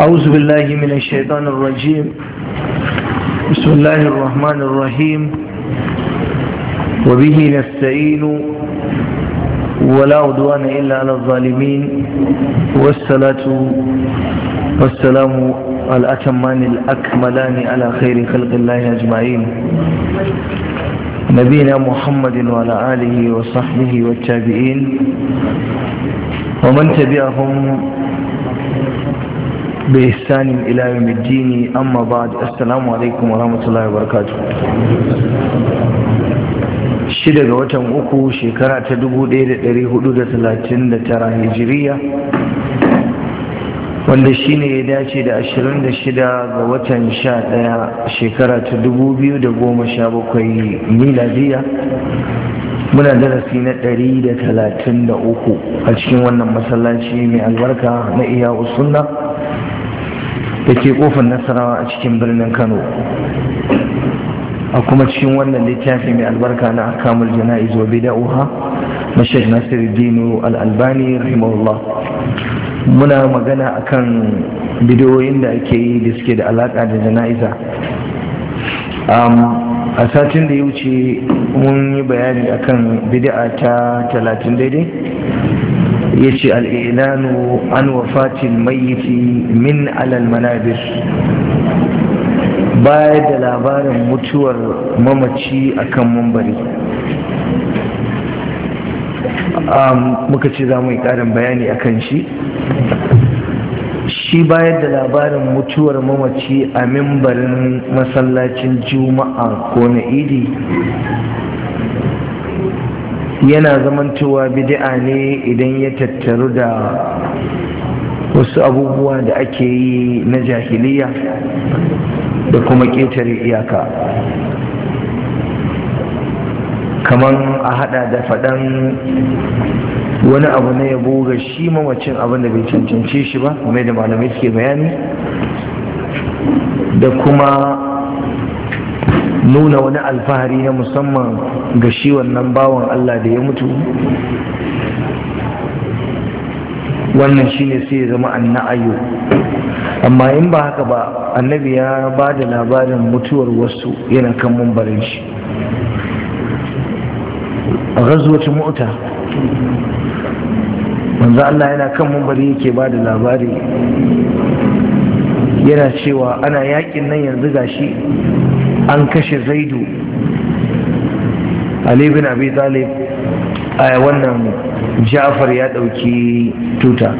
أعوذ بالله من الشيطان الرجيم بسم الله الرحمن الرحيم وبه نستعين ولا عدوان إلا على الظالمين والصلاة والسلام الأتمان الأكملان على خير خلق الله أجمعين نبينا محمد وعلى آله وصحبه والتابعين ومن تبعهم بإحسان إلى يوم الدين أما بعد السلام عليكم ورحمة الله وبركاته shida daga watan uku shekara ta 1439 hijiriya wanda shi ne ya dace da 26 ga watan 11 shekara ta 2017 miladiya muna darasi na 133 a cikin wannan masallaci mai albarka na iya usunna da ke kofar nasarawa a cikin birnin kano a kuma cikin wannan littafi mai albarka na kamul jana'iz wa bida'uha na sheikh nasiru dino al'albani rahimahullah muna magana akan bidiyoyin da ake yi da suke da alaka da jana'iza a satin da ya wuce mun yi bayani akan bida'a ta talatin daidai يجي الإعلان عن وفاة الميت من على المنابر bayar da labarin mutuwar mamaci a muka ce za mu yi ƙarin bayani a kan shi shi bayar da labarin mutuwar mamaci a mimbarin masallacin juma'a ko na idi yana zamantowa bid'a ne idan ya tattaru da wasu abubuwa da ake yi na jahiliya da kuma ƙetare iyaka kamar a hada da faɗan wani abu na yabo ga shi mawacin abin da bai cancanci shi ba mai da malamai suke bayani da kuma nuna wani alfahari na musamman ga shi wannan bawan Allah da ya mutu wannan shi ne sai ya zama anna'ayo amma in ba haka ba annabi ya ba da labarin mutuwar wasu yana kan mambarin shi a gazuwaci mota wanzu Allah yana kan mambarin yake ba da labari yana cewa ana yakin nan yanzu gashi an kashe zaidu ali bin abi talib a wannan ja'far ya ɗauki tuta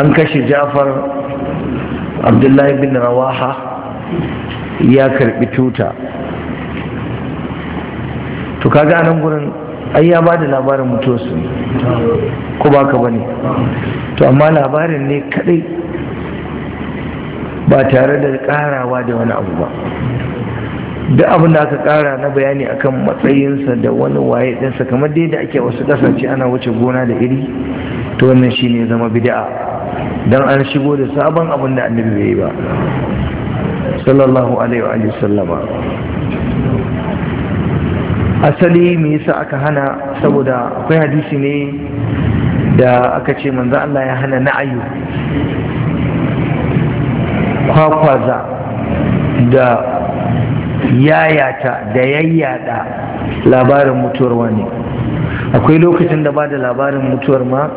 an kashe ja'far abdullahi bin rawaha ya karɓi tuta to kaga anan gurin ai ya da labarin mutuwarsu ko ba ka bane to amma labarin ne kadai ba tare da karawa da wani abu ba duk abin da aka kara na bayani akan matsayinsa da wani waye ɗinsa kamar dai da ake wasu ƙasashe ana wuce gona da iri to wannan shi ne zama bida'a, don an shigo da sabon abin da annabi bai yi ba sallallahu alaihi sallama asali me yasa aka hana saboda akwai hadisi ne da aka ce manzo Allah ya hana na'ayu kwakwaza da yayata da yayyada labarin mutuwar wani akwai lokacin da ba da labarin mutuwar ma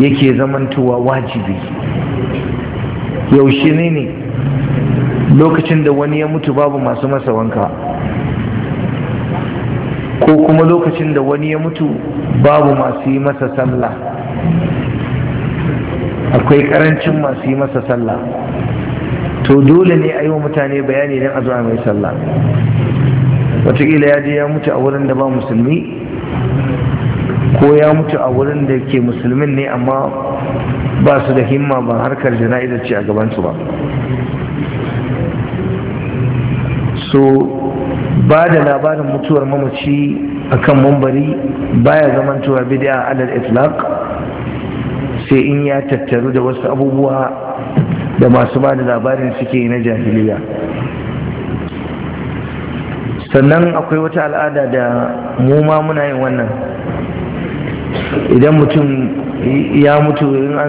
yake zamantowa wajibi yaushe ne ne lokacin da wani ya mutu babu masu masa wanka ko kuma lokacin da wani ya mutu babu masu yi masa sallah akwai karancin masu yi masa sallah to dole ne a yi wa mutane bayani don a zuwa mai sallah wataƙila ya je ya mutu a wurin da ba musulmi ko ya mutu a wurin da ke musulmin ne amma ba su da himma ba harkar jana'izar a gabansu ba so ba da labarin mutuwar mamaci akan mambari baya zamantowa a alal itlaq sai in ya tattaru da wasu abubuwa da masu ba da labarin suke na jahiliya sannan akwai wata al'ada da muma ma muna yin wannan idan mutum ya mutu in an